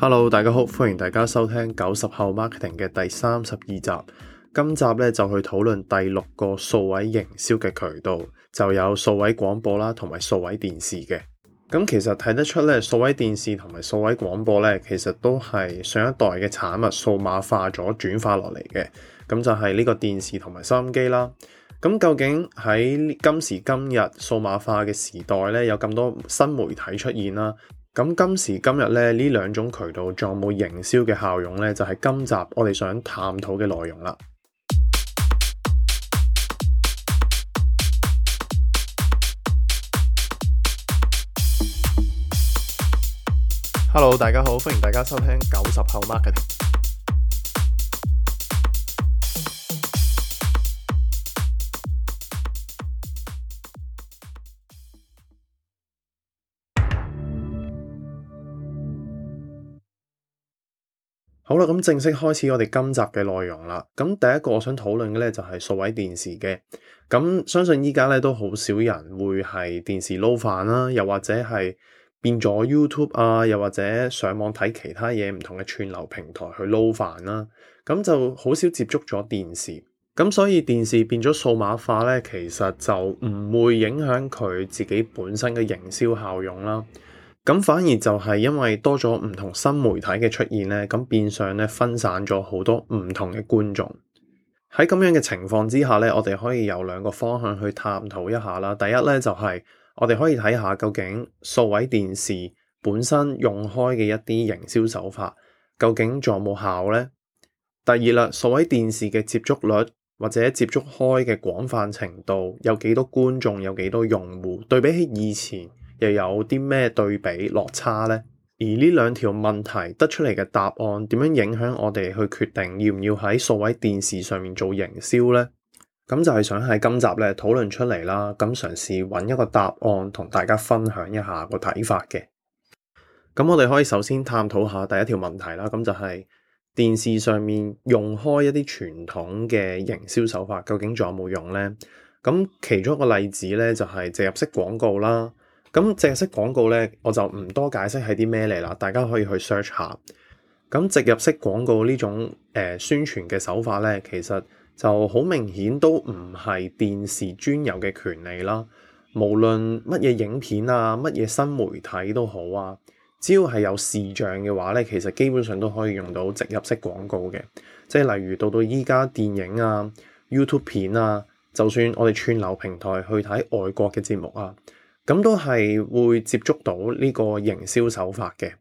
Hello，大家好，歡迎大家收聽九十後 Marketing 嘅第三十二集。今集咧，就去討論第六個數位營銷嘅渠道，就有數位廣播啦，同埋數位電視嘅。咁其實睇得出咧，數位電視同埋數位廣播咧，其實都係上一代嘅產物數碼化咗轉化落嚟嘅。咁就係呢個電視同埋收音機啦。咁究竟喺今時今日數碼化嘅時代咧，有咁多新媒體出現啦。咁今時今日咧，呢兩種渠道仲有冇營銷嘅效用呢？就係、是、今集我哋想探討嘅內容啦。Hello，大家好，歡迎大家收聽九十後 marketing。好啦，咁正式開始我哋今集嘅內容啦。咁第一個我想討論嘅呢，就係數位電視嘅。咁相信依家呢，都好少人會係電視撈飯啦，又或者係變咗 YouTube 啊，又或者上網睇其他嘢唔同嘅串流平台去撈飯啦。咁就好少接觸咗電視。咁所以電視變咗數碼化呢，其實就唔會影響佢自己本身嘅營銷效用啦。咁反而就係因為多咗唔同新媒體嘅出現呢，咁變相咧，分散咗好多唔同嘅觀眾。喺咁樣嘅情況之下呢，我哋可以有兩個方向去探討一下啦。第一呢，就係我哋可以睇下究竟數位電視本身用開嘅一啲營銷手法究竟仲有冇效呢？第二啦，數位電視嘅接觸率或者接觸開嘅廣泛程度，有幾多觀眾，有幾多用戶對比起以前？又有啲咩對比落差呢？而呢兩條問題得出嚟嘅答案點樣影響我哋去決定要唔要喺數位電視上面做營銷呢？咁就係想喺今集咧討論出嚟啦。咁嘗試揾一個答案，同大家分享一下個睇法嘅。咁我哋可以首先探討下第一條問題啦。咁就係電視上面用開一啲傳統嘅營銷手法，究竟仲有冇用呢？咁其中一個例子呢，就係植入式廣告啦。咁植入式廣告呢，我就唔多解釋係啲咩嚟啦，大家可以去 search 下。咁植入式廣告呢種誒、呃、宣傳嘅手法呢，其實就好明顯都唔係電視專有嘅權利啦。無論乜嘢影片啊，乜嘢新媒體都好啊，只要係有視像嘅話呢，其實基本上都可以用到植入式廣告嘅。即係例如到到依家電影啊、YouTube 片啊，就算我哋串流平台去睇外國嘅節目啊。咁都係會接觸到呢個營銷手法嘅。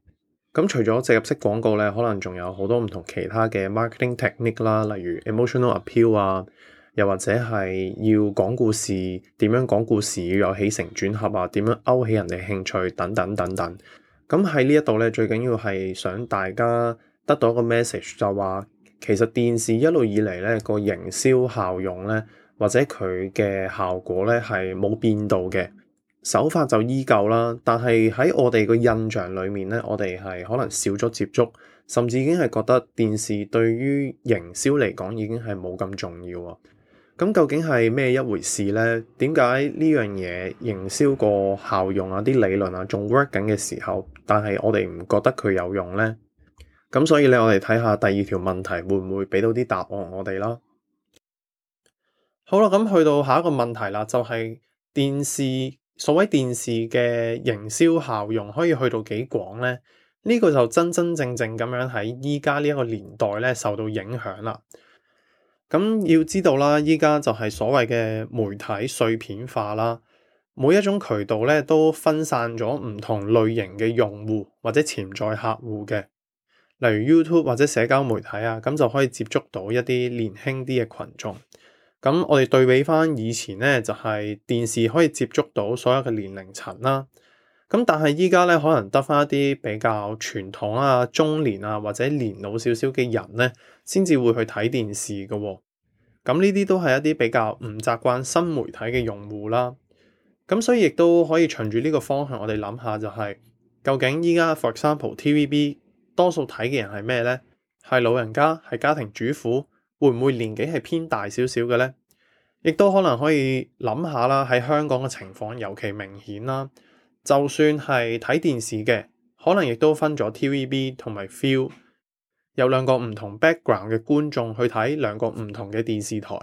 咁除咗植入式廣告咧，可能仲有好多唔同其他嘅 marketing technique 啦，例如 emotional appeal 啊，又或者係要講故事，點樣講故事要有起承轉合啊，點樣勾起人哋興趣等等等等。咁喺呢一度咧，最緊要係想大家得到一個 message，就話其實電視一路以嚟咧、呢個營銷效用咧，或者佢嘅效果咧係冇變到嘅。手法就依舊啦，但係喺我哋個印象裏面咧，我哋係可能少咗接觸，甚至已經係覺得電視對於營銷嚟講已經係冇咁重要啊。咁究竟係咩一回事咧？點解呢樣嘢營銷個效用啊、啲理論啊，仲 work 緊嘅時候，但係我哋唔覺得佢有用咧？咁所以咧，我哋睇下第二條問題會唔會俾到啲答案我哋啦。好啦，咁去到下一個問題啦，就係電視。所謂電視嘅營銷效用可以去到幾廣呢？呢、呢個就真真正正咁樣喺依家呢一個年代咧受到影響啦。咁要知道啦，依家就係所謂嘅媒體碎片化啦，每一種渠道咧都分散咗唔同類型嘅用戶或者潛在客戶嘅，例如 YouTube 或者社交媒體啊，咁就可以接觸到一啲年輕啲嘅群眾。咁我哋對比翻以前呢，就係、是、電視可以接觸到所有嘅年齡層啦。咁但係依家呢，可能得翻一啲比較傳統啊、中年啊或者年老少少嘅人呢，先至會去睇電視嘅、哦。咁呢啲都係一啲比較唔習慣新媒體嘅用戶啦。咁所以亦都可以循住呢個方向，我哋諗下就係、是、究竟依家 for exampleTVB 多數睇嘅人係咩呢？係老人家，係家庭主婦。會唔會年紀係偏大少少嘅呢？亦都可能可以諗下啦，喺香港嘅情況尤其明顯啦。就算係睇電視嘅，可能亦都分咗 TVB 同埋 Viu，有兩個唔同 background 嘅觀眾去睇兩個唔同嘅電視台。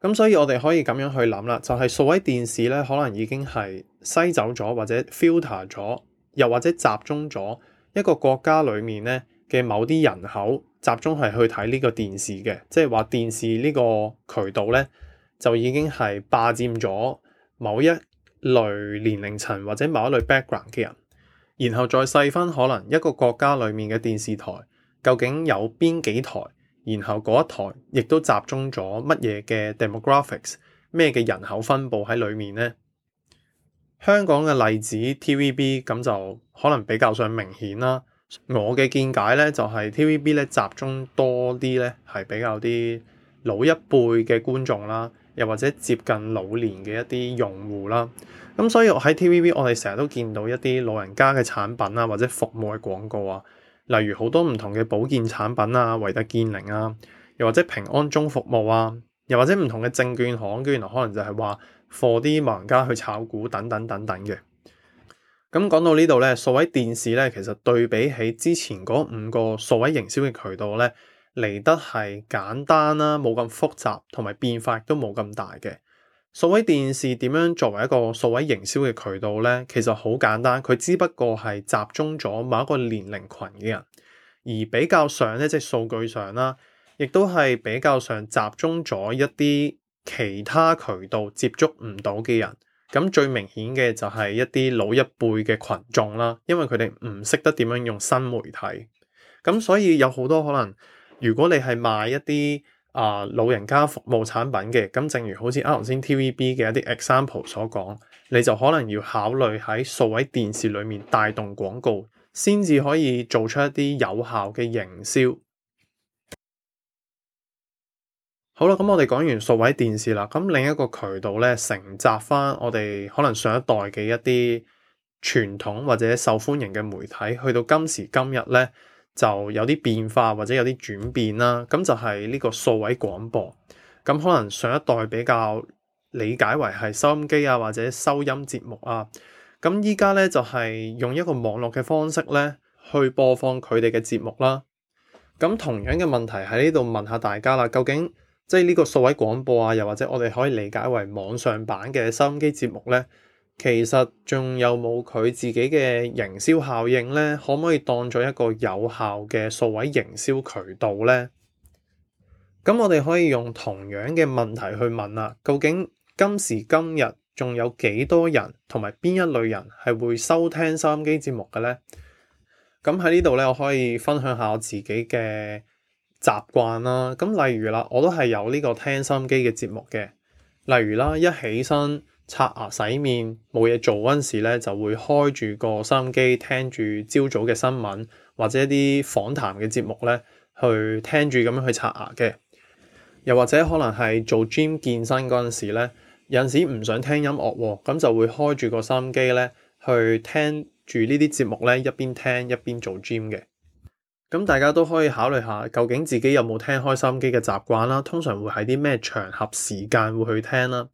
咁所以我哋可以咁樣去諗啦，就係、是、數位電視咧，可能已經係篩走咗或者 filter 咗，又或者集中咗一個國家裏面呢嘅某啲人口。集中係去睇呢個電視嘅，即係話電視呢個渠道呢，就已經係霸佔咗某一類年齡層或者某一類 background 嘅人。然後再細分，可能一個國家裡面嘅電視台究竟有邊幾台，然後嗰一台亦都集中咗乜嘢嘅 demographics，咩嘅人口分布喺裡面呢？香港嘅例子 TVB 咁就可能比較上明顯啦。我嘅見解咧，就係、是、TVB 咧集中多啲咧，係比較啲老一輩嘅觀眾啦，又或者接近老年嘅一啲用戶啦。咁、嗯、所以我喺 TVB，我哋成日都見到一啲老人家嘅產品啊，或者服務嘅廣告啊，例如好多唔同嘅保健產品啊，維特健靈啊，又或者平安鐘服務啊，又或者唔同嘅證券行，原來可能就係話俾啲老人家去炒股，等等等等嘅。咁講到呢度呢，數位電視呢，其實對比起之前嗰五個數位營銷嘅渠道呢，嚟得係簡單啦，冇咁複雜，同埋變化都冇咁大嘅。數位電視點樣作為一個數位營銷嘅渠道呢？其實好簡單，佢只不過係集中咗某一個年齡群嘅人，而比較上呢，即係數據上啦，亦都係比較上集中咗一啲其他渠道接觸唔到嘅人。咁最明顯嘅就係一啲老一輩嘅群眾啦，因為佢哋唔識得點樣用新媒體，咁所以有好多可能。如果你係賣一啲啊、呃、老人家服務產品嘅，咁正如好似頭先 TVB 嘅一啲 example 所講，你就可能要考慮喺數位電視裡面帶動廣告，先至可以做出一啲有效嘅營銷。好啦，咁我哋講完數位電視啦。咁另一個渠道咧，承襲翻我哋可能上一代嘅一啲傳統或者受歡迎嘅媒體，去到今時今日咧就有啲變化或者有啲轉變啦。咁就係呢個數位廣播。咁可能上一代比較理解為係收音機啊，或者收音節目啊。咁依家咧就係用一個網絡嘅方式咧去播放佢哋嘅節目啦。咁同樣嘅問題喺呢度問下大家啦，究竟？即係呢個數位廣播啊，又或者我哋可以理解為網上版嘅收音機節目呢，其實仲有冇佢自己嘅營銷效應呢？可唔可以當做一個有效嘅數位營銷渠道呢？咁我哋可以用同樣嘅問題去問啦，啊。究竟今時今日仲有幾多人同埋邊一類人係會收聽收音機節目嘅呢？咁喺呢度呢，我可以分享下我自己嘅習慣啦，咁例如啦，我都係有呢個聽心機嘅節目嘅，例如啦，一起身刷牙洗面冇嘢做嗰陣時咧，就會開住個心機聽住朝早嘅新聞或者一啲訪談嘅節目咧，去聽住咁樣去刷牙嘅，又或者可能係做 gym 健身嗰陣時咧，有陣時唔想聽音樂喎，咁，啊，就會開住個心機咧，去聽住呢啲節目咧，一邊聽一邊做 gym 嘅。咁大家都可以考慮下，究竟自己有冇聽開收音機嘅習慣啦？通常會喺啲咩場合、時間會去聽啦？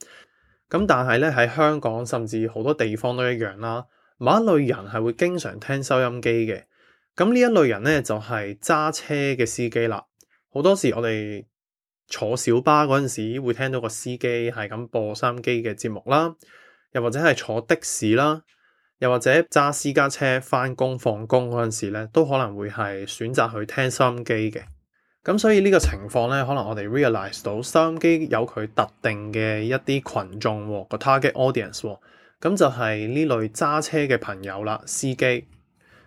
咁但係咧喺香港，甚至好多地方都一樣啦。某一類人係會經常聽收音機嘅。咁呢一類人咧就係揸車嘅司機啦。好多時我哋坐小巴嗰陣時會聽到個司機係咁播收音機嘅節目啦，又或者係坐的士啦。又或者揸私家車翻工放工嗰陣時咧，都可能會係選擇去聽收音機嘅。咁所以呢個情況咧，可能我哋 realize 到收音機有佢特定嘅一啲群眾、哦、個 target audience，咁、哦、就係呢類揸車嘅朋友啦，司機。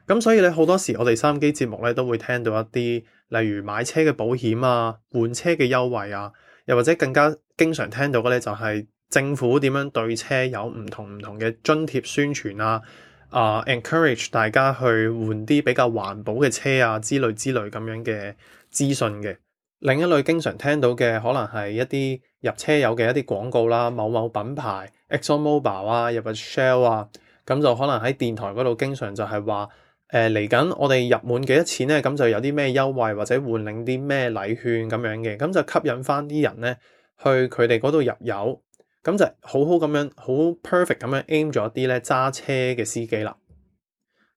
咁所以咧好多時我哋收音機節目咧都會聽到一啲，例如買車嘅保險啊，換車嘅優惠啊，又或者更加經常聽到嘅咧就係、是。政府點樣對車有唔同唔同嘅津貼宣傳啊？呃，encourage 大家去換啲比較環保嘅車啊，之類之類咁樣嘅資訊嘅。另一類經常聽到嘅，可能係一啲入車友嘅一啲廣告啦，某某品牌 Exxon Mobil 啊，入個 Shell 啊，咁就可能喺電台嗰度經常就係話誒，嚟緊我哋入滿幾多錢咧，咁就有啲咩優惠或者換領啲咩禮券咁樣嘅，咁就吸引翻啲人咧去佢哋嗰度入油。咁就係好好咁樣，好 perfect 咁樣 aim 咗啲咧揸車嘅司機啦。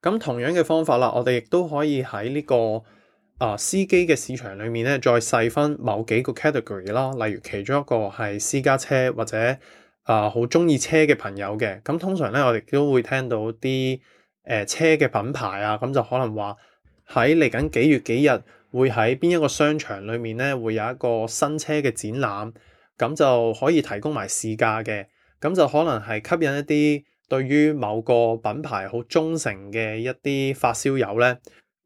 咁同樣嘅方法啦，我哋亦都可以喺呢、這個啊、呃、司機嘅市場裏面咧，再細分某幾個 category 啦。例如其中一個係私家車或者啊好中意車嘅朋友嘅。咁通常咧，我哋都會聽到啲誒、呃、車嘅品牌啊，咁就可能話喺嚟緊幾月幾日會喺邊一個商場裏面咧，會有一個新車嘅展覽。咁就可以提供埋試駕嘅，咁就可能係吸引一啲對於某個品牌好忠誠嘅一啲發燒友咧，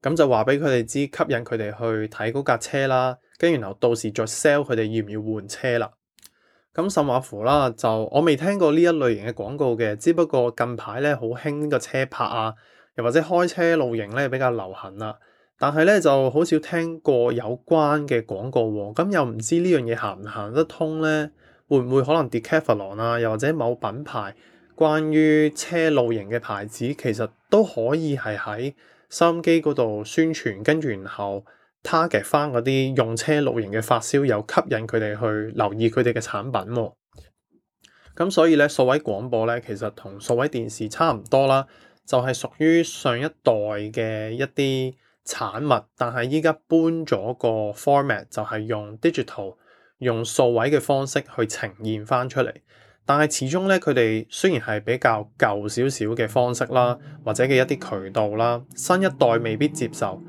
咁就話俾佢哋知，吸引佢哋去睇嗰架車啦，跟住然後到時再 sell 佢哋要唔要換車啦。咁甚至乎啦，就我未聽過呢一類型嘅廣告嘅，只不過近排咧好興呢個車拍啊，又或者開車露營咧比較流行啦。但係咧，就好少聽過有關嘅廣告喎、哦。咁、嗯、又唔知呢樣嘢行唔行得通呢？會唔會可能 Decathlon 啊？又或者某品牌關於車露營嘅牌子，其實都可以係喺收音機嗰度宣傳，跟住然後 target 翻嗰啲用車露營嘅發燒友，又吸引佢哋去留意佢哋嘅產品、哦。咁、嗯、所以呢，數位廣播呢，其實同數位電視差唔多啦，就係、是、屬於上一代嘅一啲。產物，但係依家搬咗個 format，就係用 digital，用數位嘅方式去呈現翻出嚟。但係始終咧，佢哋雖然係比較舊少少嘅方式啦，或者嘅一啲渠道啦，新一代未必接受。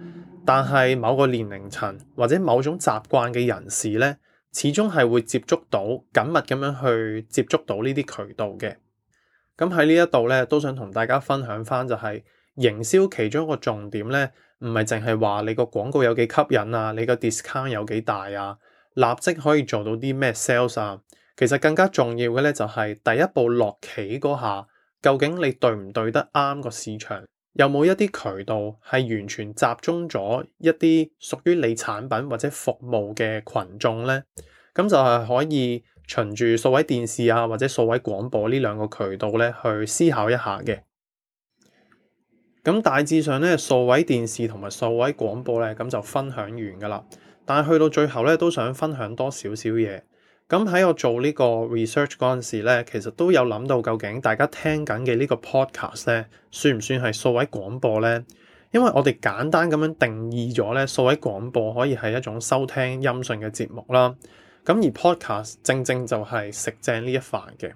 但係某個年齡層或者某種習慣嘅人士咧，始終係會接觸到緊密咁樣去接觸到呢啲渠道嘅。咁喺呢一度咧，都想同大家分享翻就係、是。營銷其中一個重點咧，唔係淨係話你個廣告有幾吸引啊，你個 discount 有幾大啊，立即可以做到啲咩 sales 啊。其實更加重要嘅咧，就係第一步落棋嗰下，究竟你對唔對得啱個市場，有冇一啲渠道係完全集中咗一啲屬於你產品或者服務嘅群眾咧？咁就係可以循住數位電視啊或者數位廣播呢兩個渠道咧去思考一下嘅。咁大致上咧，數位電視同埋數位廣播咧，咁就分享完噶啦。但係去到最後咧，都想分享多少少嘢。咁喺我做個呢個 research 嗰陣時咧，其實都有諗到究竟大家聽緊嘅呢個 podcast 咧，算唔算係數位廣播咧？因為我哋簡單咁樣定義咗咧，數位廣播可以係一種收聽音訊嘅節目啦。咁而 podcast 正正就係食正一呢一飯嘅。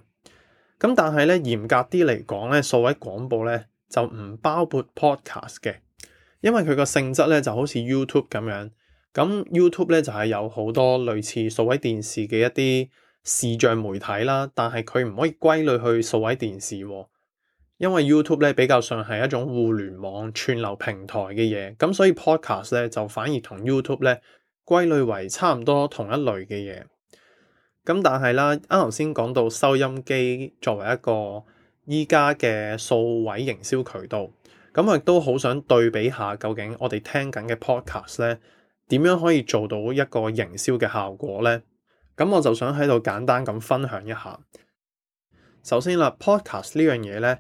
咁但係咧，嚴格啲嚟講咧，數位廣播咧。就唔包括 Podcast 嘅，因為佢個性質咧就好似 YouTube 咁樣。咁 YouTube 咧就係、是、有好多類似數位電視嘅一啲視像媒體啦，但係佢唔可以歸類去數位電視喎，因為 YouTube 咧比較上係一種互聯網串流平台嘅嘢，咁所以 Podcast 咧就反而同 YouTube 咧歸類為差唔多同一類嘅嘢。咁但係啦，啱頭先講到收音機作為一個依家嘅數位營銷渠道，咁我亦都好想對比下，究竟我哋聽緊嘅 Podcast 呢，點樣可以做到一個營銷嘅效果呢？咁我就想喺度簡單咁分享一下。首先啦，Podcast 呢樣嘢呢，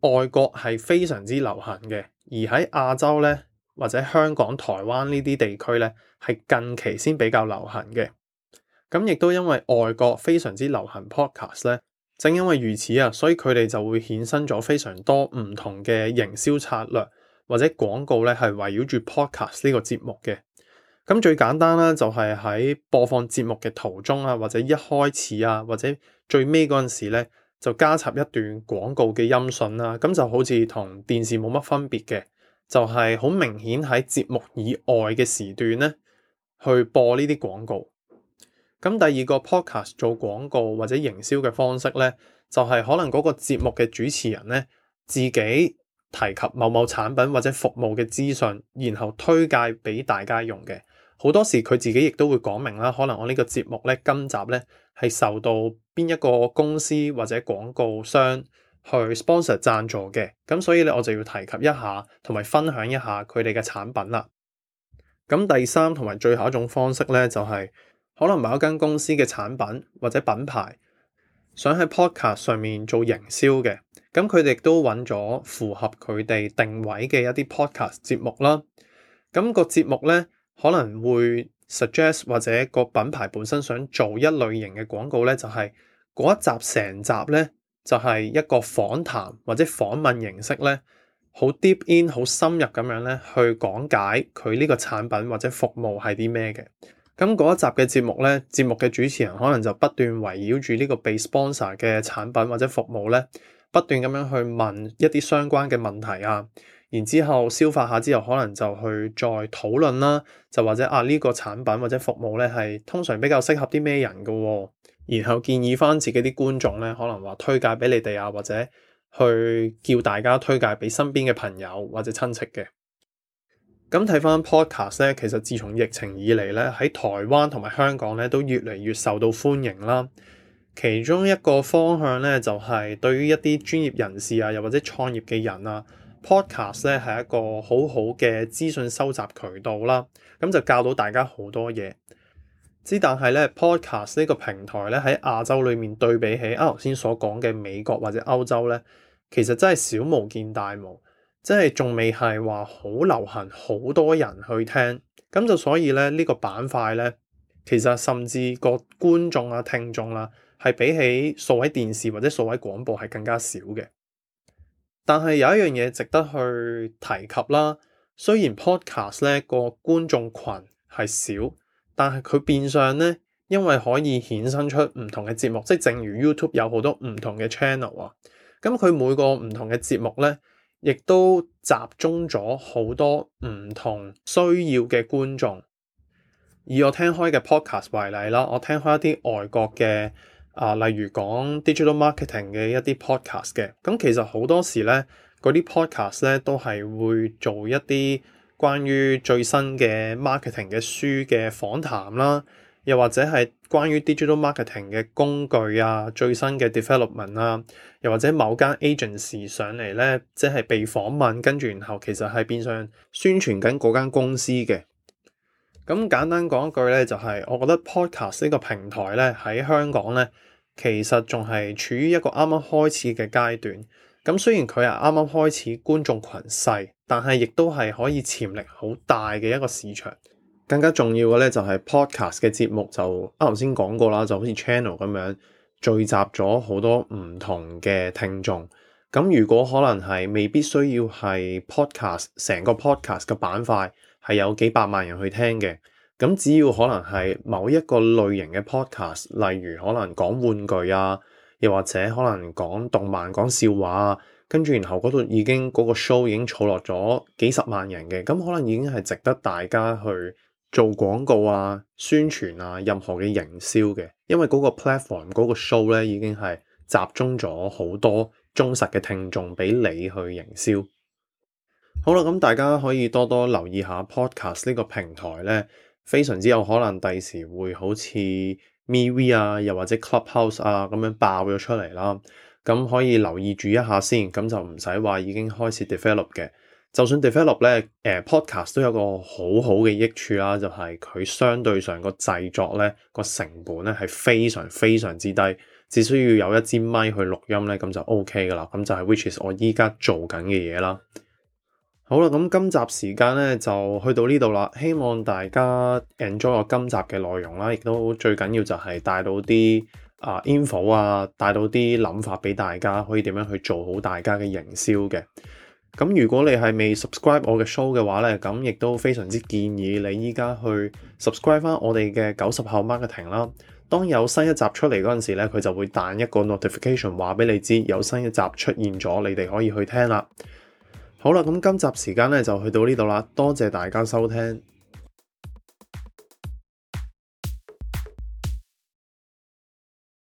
外國係非常之流行嘅，而喺亞洲呢，或者香港、台灣呢啲地區呢，係近期先比較流行嘅。咁亦都因為外國非常之流行 Podcast 呢。正因為如此啊，所以佢哋就會衍生咗非常多唔同嘅營銷策略或者廣告咧，係圍繞住 Podcast 呢個節目嘅。咁最簡單咧，就係喺播放節目嘅途中啊，或者一開始啊，或者最尾嗰陣時咧，就加插一段廣告嘅音訊啦。咁就好似同電視冇乜分別嘅，就係、是、好明顯喺節目以外嘅時段咧，去播呢啲廣告。咁第二個 podcast 做廣告或者營銷嘅方式咧，就係可能嗰個節目嘅主持人咧，自己提及某某產品或者服務嘅資訊，然後推介俾大家用嘅。好多時佢自己亦都會講明啦，可能我呢個節目咧，今集咧，係受到邊一個公司或者廣告商去 sponsor 贊助嘅，咁所以咧我就要提及一下，同埋分享一下佢哋嘅產品啦。咁第三同埋最後一種方式咧，就係。可能某一間公司嘅產品或者品牌想喺 podcast 上面做營銷嘅，咁佢哋都揾咗符合佢哋定位嘅一啲 podcast 節目啦。咁個節目呢，可能會 suggest 或者個品牌本身想做一類型嘅廣告呢，就係嗰一集成集呢，就係一個訪談或者訪問形式呢，好 deep in 好深入咁樣呢去講解佢呢個產品或者服務係啲咩嘅。咁嗰一集嘅節目咧，節目嘅主持人可能就不斷圍繞住呢個被 sponsor 嘅產品或者服務咧，不斷咁樣去問一啲相關嘅問題啊，然之後消化下之後，可能就去再討論啦，就或者啊呢個產品或者服務咧係通常比較適合啲咩人嘅啊，然後建議翻自己啲觀眾咧，可能話推介俾你哋啊，或者去叫大家推介俾身邊嘅朋友或者親戚嘅。咁睇翻 podcast 咧，Pod cast，其實自從疫情以嚟咧，喺台灣同埋香港咧都越嚟越受到歡迎啦。其中一個方向咧，就係對於一啲專業人士啊，又或者創業嘅人啊，podcast 咧係一個好好嘅資訊收集渠道啦。咁就教到大家好多嘢。之但係咧，podcast 呢個平台咧喺亞洲裏面對比起啱頭先所講嘅美國或者歐洲咧，其實真係小巫見大巫。即係仲未係話好流行，好多人去聽，咁就所以咧、呢，呢個板塊咧，其實甚至個觀眾啦、啊、聽眾啦、啊，係比起數位電視或者數位廣播係更加少嘅。但係有一樣嘢值得去提及啦，雖然 podcast 咧個觀眾群係少，但係佢變相咧，因為可以衍生出唔同嘅節目，即係正如 YouTube 有好多唔同嘅 channel 啊，咁佢每個唔同嘅節目咧。亦都集中咗好多唔同需要嘅觀眾。以我聽開嘅 podcast 為例啦，我聽開一啲外國嘅啊、呃，例如講 digital marketing 嘅一啲 podcast 嘅。咁其實好多時呢，嗰啲 podcast 呢都係會做一啲關於最新嘅 marketing 嘅書嘅訪談啦。又或者係關於 digital marketing 嘅工具啊，最新嘅 development 啊，又或者某間 agency 上嚟呢，即係被訪問，跟住然後其實係變相宣傳緊嗰間公司嘅。咁簡單講一句呢，就係我覺得 podcast 呢個平台呢，喺香港呢，其實仲係處於一個啱啱開始嘅階段。咁雖然佢係啱啱開始，觀眾群細，但係亦都係可以潛力好大嘅一個市場。更加重要嘅咧，就係 podcast 嘅節目就啱頭先講過啦，就好似 channel 咁樣聚集咗好多唔同嘅聽眾。咁如果可能係未必需要係 podcast 成個 podcast 嘅板塊係有幾百萬人去聽嘅，咁只要可能係某一個類型嘅 podcast，例如可能講玩具啊，又或者可能講動漫、講笑話、啊，跟住然後嗰度已經嗰、嗰個 show 已經儲落咗幾十萬人嘅，咁可能已經係值得大家去做廣告啊、宣傳啊、任何嘅營銷嘅，因為嗰個 platform 嗰個 show 咧已經係集中咗好多忠實嘅聽眾俾你去營銷。 好啦，咁大家可以多多留意下 podcast 呢個平台咧，非常之有可能第時會好似 MeWe 啊，又或者 Clubhouse 啊咁樣爆咗出嚟啦。咁可以留意住一下先，咁就唔使話已經開始 develop 嘅。就算 develop 咧，誒 podcast 都有個好好嘅益處啦，就係佢相對上個製作咧個成本咧係非常非常之低，只需要有一支咪去錄音咧，咁就 OK 噶啦。咁就係 which is 我依家做緊嘅嘢啦。好啦，咁今集時間咧就去到呢度啦。希望大家 enjoy 我今集嘅內容啦，亦都最緊要就係帶到啲啊 info 啊，帶到啲諗法俾大家，可以點樣去做好大家嘅營銷嘅。咁如果你係未 subscribe 我嘅 show 嘅話呢，咁亦都非常之建議你依家去 subscribe 翻我哋嘅九十後 marketing 啦。當有新一集出嚟嗰陣時呢，佢就會彈一個 notification 話俾你知有新一集出現咗，你哋可以去聽啦。好啦，咁今集時間呢就去到呢度啦，多謝大家收聽。